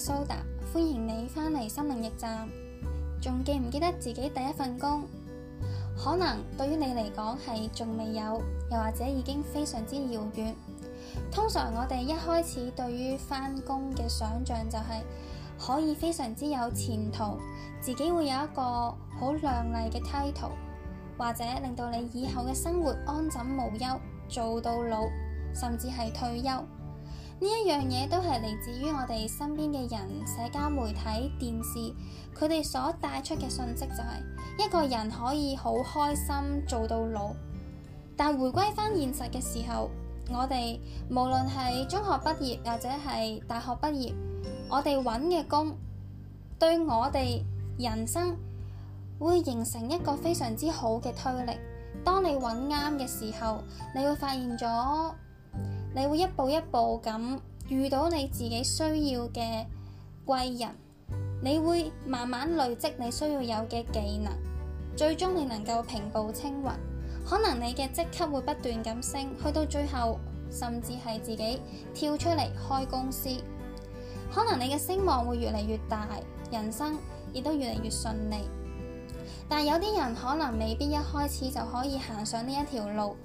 蘇達，S S oda, 歡迎你返嚟心靈驛站。仲記唔記得自己第一份工？可能對於你嚟講係仲未有，又或者已經非常之遙遠。通常我哋一開始對於返工嘅想象就係、是、可以非常之有前途，自己會有一個好亮麗嘅 title，或者令到你以後嘅生活安枕無憂，做到老，甚至係退休。呢一樣嘢都係嚟自於我哋身邊嘅人、社交媒體、電視，佢哋所帶出嘅訊息就係一個人可以好開心做到老。但回歸返現實嘅時候，我哋無論係中學畢業或者係大學畢業，我哋揾嘅工對我哋人生會形成一個非常之好嘅推力。當你揾啱嘅時候，你會發現咗。你會一步一步咁遇到你自己需要嘅貴人，你會慢慢累積你需要有嘅技能，最終你能夠平步青雲。可能你嘅職級會不斷咁升，去到最後甚至係自己跳出嚟開公司。可能你嘅聲望會越嚟越大，人生亦都越嚟越順利。但有啲人可能未必一開始就可以行上呢一條路，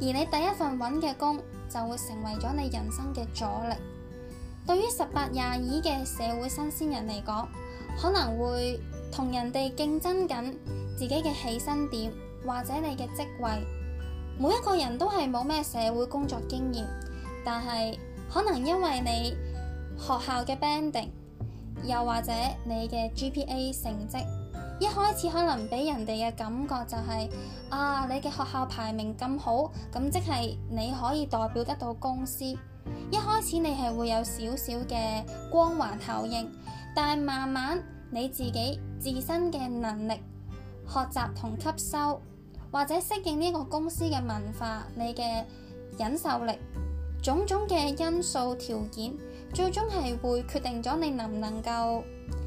而你第一份揾嘅工。就會成為咗你人生嘅阻力。對於十八廿二嘅社會新鮮人嚟講，可能會同人哋競爭緊自己嘅起薪點，或者你嘅職位。每一個人都係冇咩社會工作經驗，但係可能因為你學校嘅 banding，又或者你嘅 GPA 成績。一開始可能俾人哋嘅感覺就係啊，你嘅學校排名咁好，咁即係你可以代表得到公司。一開始你係會有少少嘅光環效應，但係慢慢你自己自身嘅能力、學習同吸收，或者適應呢個公司嘅文化，你嘅忍受力，種種嘅因素條件，最終係會決定咗你能唔能夠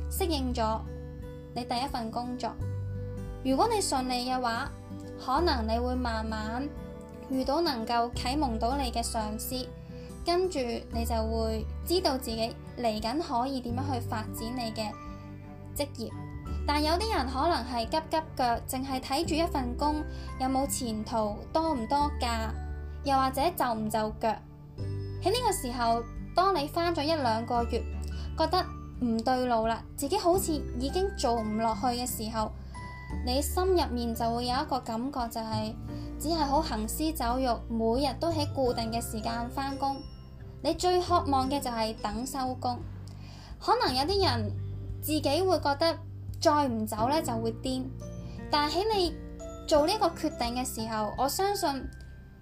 適應咗。你第一份工作，如果你順利嘅話，可能你會慢慢遇到能夠啟蒙到你嘅上司，跟住你就會知道自己嚟緊可以點樣去發展你嘅職業。但有啲人可能係急急腳，淨係睇住一份工有冇前途，多唔多假，又或者就唔就腳。喺呢個時候，當你翻咗一兩個月，覺得，唔對路啦，自己好似已經做唔落去嘅時候，你心入面就會有一個感覺、就係，就係只係好行屍走肉，每日都喺固定嘅時間翻工，你最渴望嘅就係等收工。可能有啲人自己會覺得再唔走呢就會癲，但喺你做呢個決定嘅時候，我相信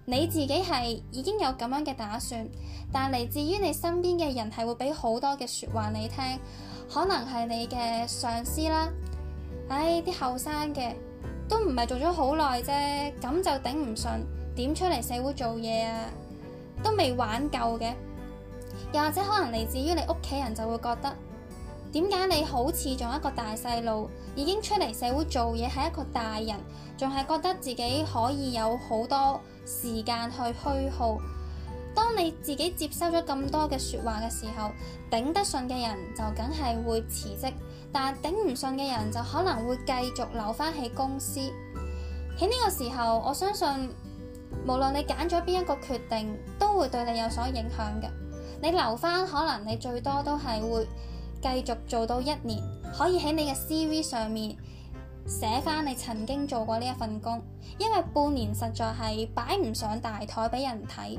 你自己係已經有咁樣嘅打算。但嚟自於你身邊嘅人係會俾好多嘅説話你聽，可能係你嘅上司啦，唉啲後生嘅都唔係做咗好耐啫，咁就頂唔順，點出嚟社會做嘢啊？都未玩夠嘅，又或者可能嚟自於你屋企人就會覺得點解你好似仲一個大細路，已經出嚟社會做嘢係一個大人，仲係覺得自己可以有好多時間去虛耗。當你自己接收咗咁多嘅説話嘅時候，頂得順嘅人就梗係會辭職，但係頂唔順嘅人就可能會繼續留翻喺公司。喺呢個時候，我相信無論你揀咗邊一個決定，都會對你有所影響嘅。你留翻可能你最多都係會繼續做到一年，可以喺你嘅 CV 上面寫翻你曾經做過呢一份工，因為半年實在係擺唔上大枱俾人睇。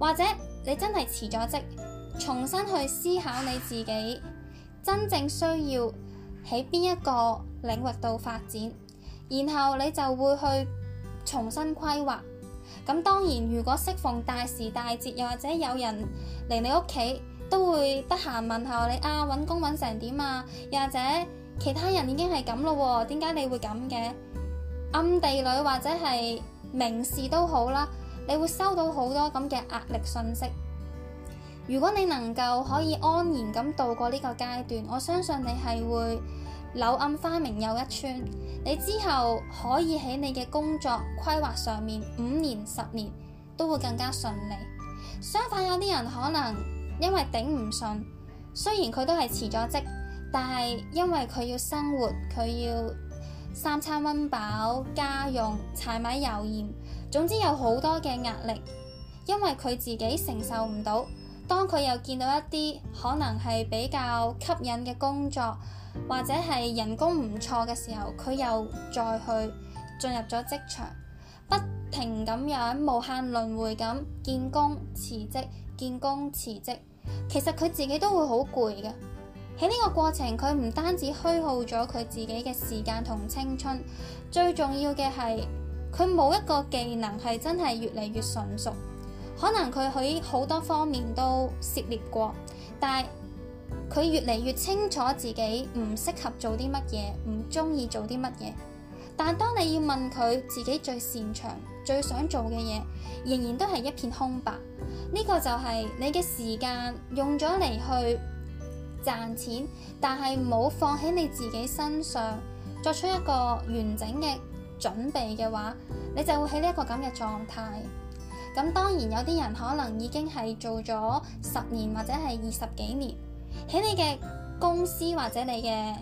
或者你真係辭咗職，重新去思考你自己真正需要喺邊一個領域度發展，然後你就會去重新規劃。咁當然，如果適逢大時大節，又或者有人嚟你屋企，都會得閒問候你啊，揾工揾成點啊？又或者其他人已經係咁咯喎，點解你會咁嘅？暗地裏或者係明示都好啦。你會收到好多咁嘅壓力信息。如果你能夠可以安然咁度過呢個階段，我相信你係會柳暗花明又一村。你之後可以喺你嘅工作規劃上面，五年、十年都會更加順利。相反，有啲人可能因為頂唔順，雖然佢都係辭咗職，但係因為佢要生活，佢要三餐溫飽、家用柴米油鹽。總之有好多嘅壓力，因為佢自己承受唔到。當佢又見到一啲可能係比較吸引嘅工作，或者係人工唔錯嘅時候，佢又再去進入咗職場，不停咁樣，無限輪迴咁，見工辭職，見工辭職。其實佢自己都會好攰嘅。喺呢個過程，佢唔單止虛耗咗佢自己嘅時間同青春，最重要嘅係。佢冇一個技能係真係越嚟越純熟，可能佢喺好多方面都涉獵過，但係佢越嚟越清楚自己唔適合做啲乜嘢，唔中意做啲乜嘢。但當你要問佢自己最擅長、最想做嘅嘢，仍然都係一片空白。呢個就係你嘅時間用咗嚟去賺錢，但係冇放喺你自己身上作出一個完整嘅。準備嘅話，你就會喺呢一個咁嘅狀態。咁當然有啲人可能已經係做咗十年或者係二十幾年，喺你嘅公司或者你嘅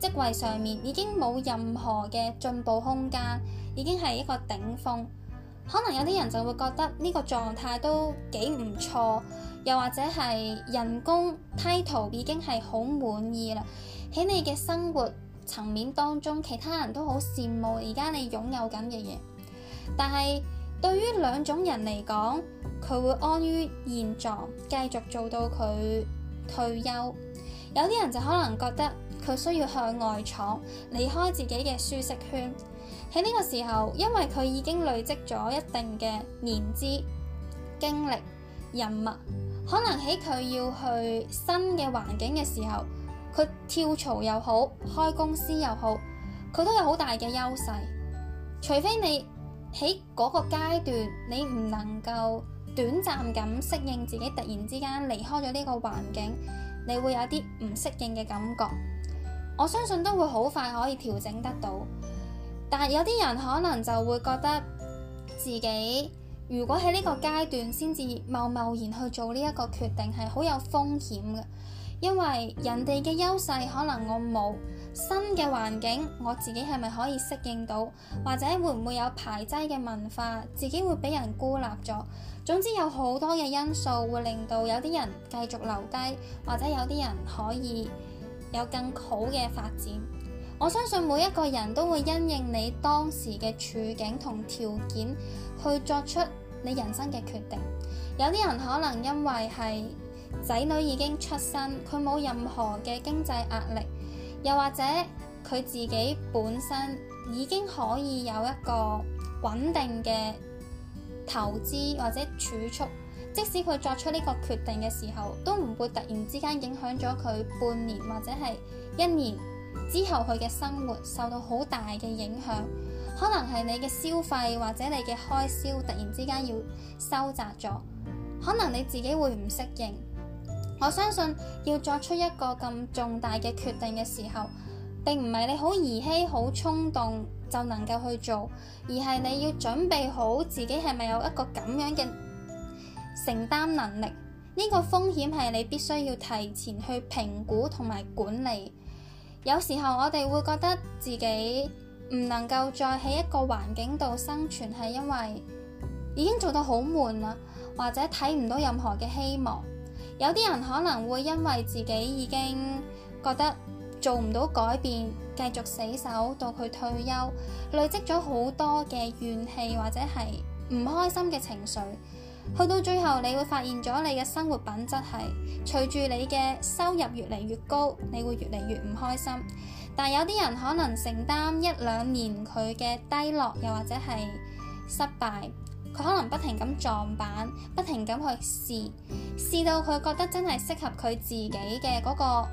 職位上面已經冇任何嘅進步空間，已經係一個頂峰。可能有啲人就會覺得呢個狀態都幾唔錯，又或者係人工梯度已經係好滿意啦。喺你嘅生活。層面當中，其他人都好羨慕而家你擁有緊嘅嘢，但係對於兩種人嚟講，佢會安於現狀，繼續做到佢退休。有啲人就可能覺得佢需要向外闖，離開自己嘅舒適圈。喺呢個時候，因為佢已經累積咗一定嘅年資、經歷、人脈，可能喺佢要去新嘅環境嘅時候。佢跳槽又好，開公司又好，佢都有好大嘅優勢。除非你喺嗰個階段，你唔能夠短暫咁適應自己，突然之間離開咗呢個環境，你會有啲唔適應嘅感覺。我相信都會好快可以調整得到，但係有啲人可能就會覺得自己如果喺呢個階段先至貿貿然去做呢一個決定，係好有風險嘅。因為人哋嘅優勢可能我冇，新嘅環境我自己係咪可以適應到，或者會唔會有排擠嘅文化，自己會畀人孤立咗？總之有好多嘅因素會令到有啲人繼續留低，或者有啲人可以有更好嘅發展。我相信每一個人都會因應你當時嘅處境同條件去作出你人生嘅決定。有啲人可能因為係，仔女已經出生，佢冇任何嘅經濟壓力，又或者佢自己本身已經可以有一個穩定嘅投資或者儲蓄。即使佢作出呢個決定嘅時候，都唔會突然之間影響咗佢半年或者係一年之後佢嘅生活受到好大嘅影響。可能係你嘅消費或者你嘅開銷突然之間要收窄咗，可能你自己會唔適應。我相信要作出一個咁重大嘅決定嘅時候，並唔係你好兒戲、好衝動就能夠去做，而係你要準備好自己係咪有一個咁樣嘅承擔能力。呢個風險係你必須要提前去評估同埋管理。有時候我哋會覺得自己唔能夠再喺一個環境度生存，係因為已經做到好悶啦，或者睇唔到任何嘅希望。有啲人可能會因為自己已經覺得做唔到改變，繼續死守到佢退休，累積咗好多嘅怨氣或者係唔開心嘅情緒，去到最後，你會發現咗你嘅生活品質係隨住你嘅收入越嚟越高，你會越嚟越唔開心。但有啲人可能承擔一兩年佢嘅低落，又或者係失敗。佢可能不停咁撞板，不停咁去試試，到佢覺得真係適合佢自己嘅嗰個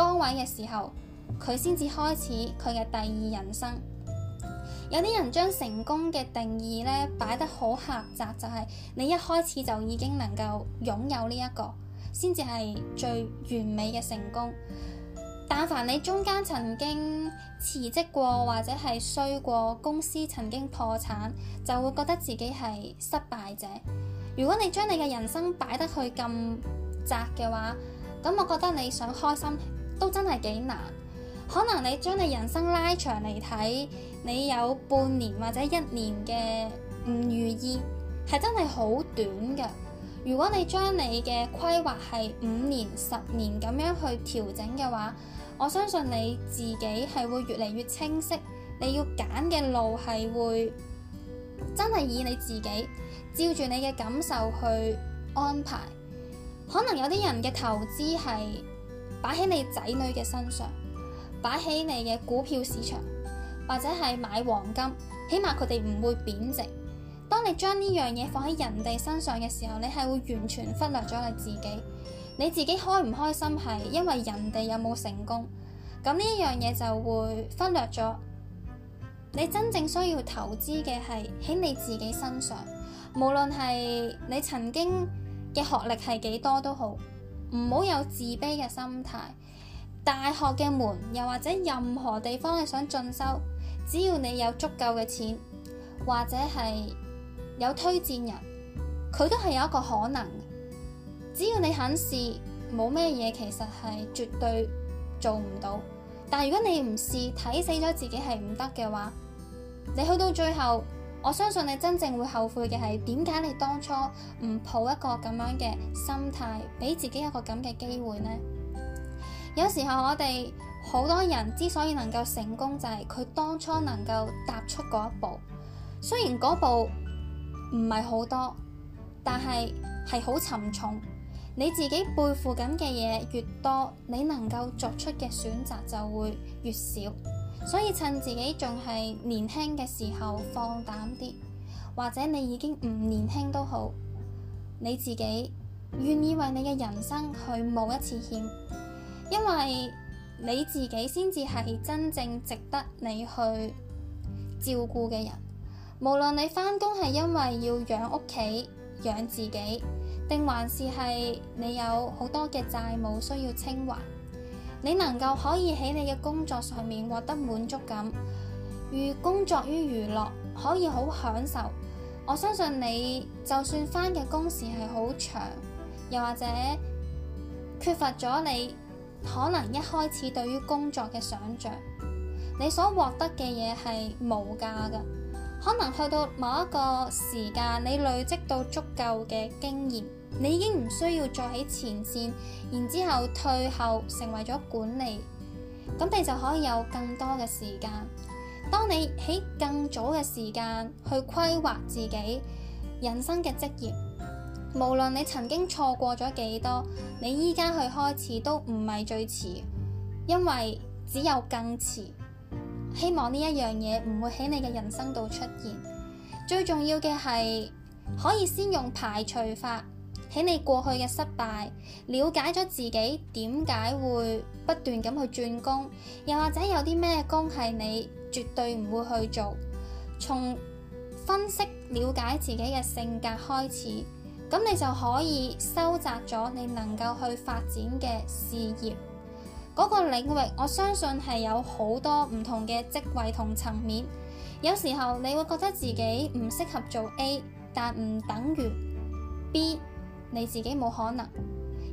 崗位嘅時候，佢先至開始佢嘅第二人生。有啲人將成功嘅定義咧擺得好狹窄，就係你一開始就已經能夠擁有呢一個，先至係最完美嘅成功。但凡你中間曾經辭職過，或者係衰過，公司曾經破產，就會覺得自己係失敗者。如果你將你嘅人生擺得去咁窄嘅話，咁我覺得你想開心都真係幾難。可能你將你人生拉長嚟睇，你有半年或者一年嘅唔如意，係真係好短嘅。如果你將你嘅規劃係五年、十年咁樣去調整嘅話，我相信你自己係會越嚟越清晰，你要揀嘅路係會真係以你自己，照住你嘅感受去安排。可能有啲人嘅投資係擺喺你仔女嘅身上，擺喺你嘅股票市場，或者係買黃金，起碼佢哋唔會貶值。當你將呢樣嘢放喺人哋身上嘅時候，你係會完全忽略咗你自己。你自己開唔開心係因為人哋有冇成功，咁呢樣嘢就會忽略咗。你真正需要投資嘅係喺你自己身上，無論係你曾經嘅學歷係幾多都好，唔好有自卑嘅心態。大學嘅門又或者任何地方你想進修，只要你有足夠嘅錢，或者係。有推薦人，佢都係有一個可能。只要你肯試，冇咩嘢，其實係絕對做唔到。但如果你唔試，睇死咗自己係唔得嘅話，你去到最後，我相信你真正會後悔嘅係點解你當初唔抱一個咁樣嘅心態，俾自己一個咁嘅機會呢？有時候我哋好多人之所以能夠成功，就係佢當初能夠踏出嗰一步，雖然嗰步。唔係好多，但係係好沉重。你自己背負緊嘅嘢越多,你能夠作出嘅選擇就會越少。所以趁自己仲係年輕嘅時候放膽啲，或者你已經唔年輕都好，你自己願意為你嘅人生去冒一次險，因為你自己先至係真正值得你去照顧嘅人。無論你返工係因為要養屋企、養自己，定還是係你有好多嘅債務需要清還，你能夠可以喺你嘅工作上面獲得滿足感，如工作於娛樂可以好享受。我相信你就算返嘅工時係好長，又或者缺乏咗你可能一開始對於工作嘅想象，你所獲得嘅嘢係無價㗎。可能去到某一個時間，你累積到足夠嘅經驗，你已經唔需要再喺前線，然之後退後成為咗管理，咁你就可以有更多嘅時間。當你喺更早嘅時間去規劃自己人生嘅職業，無論你曾經錯過咗幾多，你依家去開始都唔係最遲，因為只有更遲。希望呢一樣嘢唔會喺你嘅人生度出現。最重要嘅係可以先用排除法，喺你過去嘅失敗，了解咗自己點解會不斷咁去轉工，又或者有啲咩工係你絕對唔會去做。從分析了解自己嘅性格開始，咁你就可以收窄咗你能夠去發展嘅事業。嗰個領域，我相信係有好多唔同嘅職位同層面。有時候你會覺得自己唔適合做 A，但唔等於 B，你自己冇可能。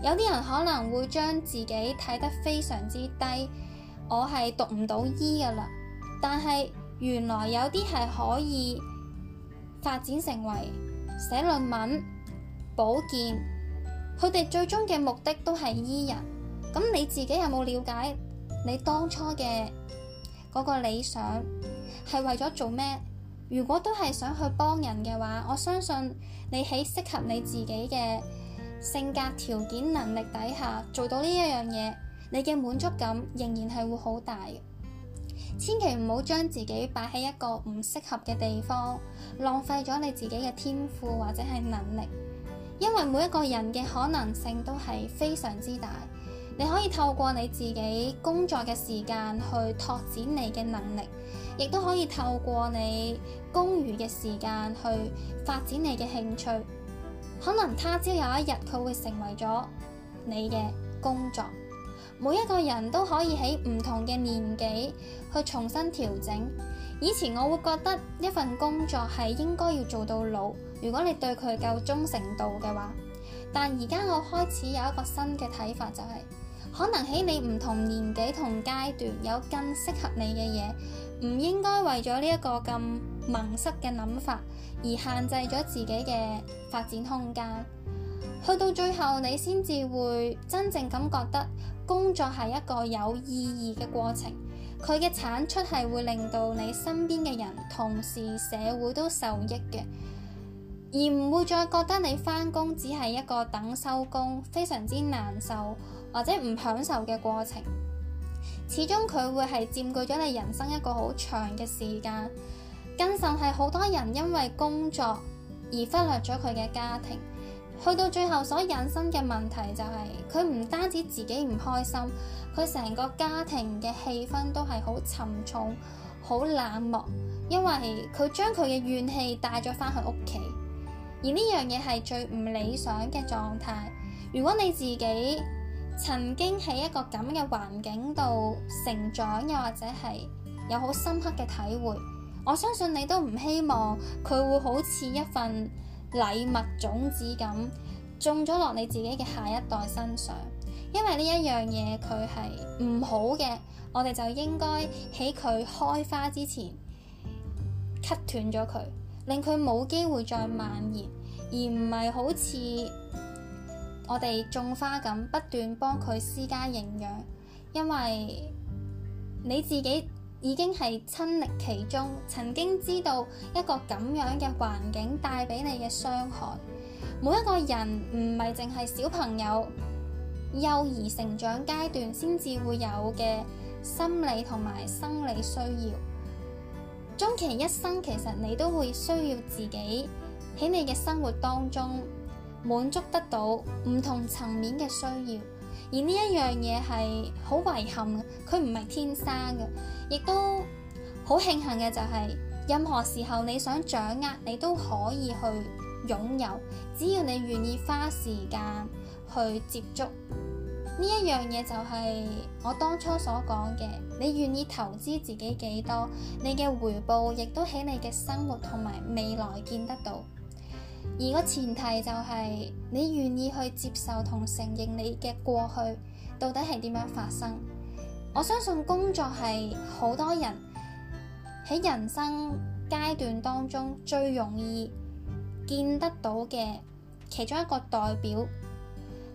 有啲人可能會將自己睇得非常之低，我係讀唔到醫㗎喇。但係原來有啲係可以發展成為寫論文、保健，佢哋最終嘅目的都係醫人。咁你自己有冇了解？你當初嘅嗰個理想係為咗做咩？如果都係想去幫人嘅話，我相信你喺適合你自己嘅性格、條件、能力底下做到呢一樣嘢，你嘅滿足感仍然係會好大。千祈唔好將自己擺喺一個唔適合嘅地方，浪費咗你自己嘅天賦或者係能力，因為每一個人嘅可能性都係非常之大。你可以透過你自己工作嘅時間去拓展你嘅能力，亦都可以透過你工餘嘅時間去發展你嘅興趣。可能他朝有一日佢會成為咗你嘅工作。每一個人都可以喺唔同嘅年紀去重新調整。以前我會覺得一份工作係應該要做到老，如果你對佢夠忠誠度嘅話。但而家我開始有一個新嘅睇法，就係，就係。可能喺你唔同年紀同階段有更適合你嘅嘢，唔應該為咗呢一個咁盲塞嘅諗法而限制咗自己嘅發展空間。去到最後，你先至會真正咁覺得工作係一個有意義嘅過程，佢嘅產出係會令到你身邊嘅人、同事、社會都受益嘅，而唔會再覺得你返工只係一個等收工，非常之難受，或者唔享受嘅過程，始終佢會係佔據咗你人生一個好長嘅時間。更甚係好多人因為工作而忽略咗佢嘅家庭，去到最後所引申嘅問題就係佢唔單止自己唔開心，佢成個家庭嘅氣氛都係好沉重、好冷漠，因為佢將佢嘅怨氣帶咗返去屋企。而呢樣嘢係最唔理想嘅狀態。如果你自己，曾經喺一個咁嘅環境度成長，又或者係有好深刻嘅體會，我相信你都唔希望佢會好似一份禮物種子咁種咗落你自己嘅下一代身上，因為呢一樣嘢佢係唔好嘅，我哋就應該喺佢開花之前 cut 斷咗佢，令佢冇機會再蔓延，而唔係好似我哋種花咁不斷幫佢施加營養，因為你自己已經係親歷其中，曾經知道一個咁樣嘅環境帶俾你嘅傷害。每一個人唔係淨係小朋友幼兒成長階段先至會有嘅心理同埋生理需要，終其一生其實你都會需要自己喺你嘅生活當中，滿足得到唔同層面嘅需要，而呢一樣嘢係好遺憾，佢唔係天生嘅，亦都好慶幸嘅就係，任何時候你想掌握，你都可以去擁有，只要你願意花時間去接觸呢一樣嘢，就係我當初所講嘅，你願意投資自己幾多，你嘅回報亦都喺你嘅生活同埋未來見得到。而個前提就係你願意去接受同承認你嘅過去到底係點樣發生。我相信工作係好多人喺人生階段當中最容易見得到嘅其中一個代表，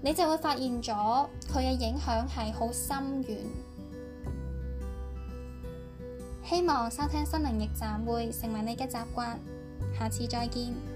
你就會發現咗佢嘅影響係好深遠。希望收聽心靈驛站會成為你嘅習慣，下次再見。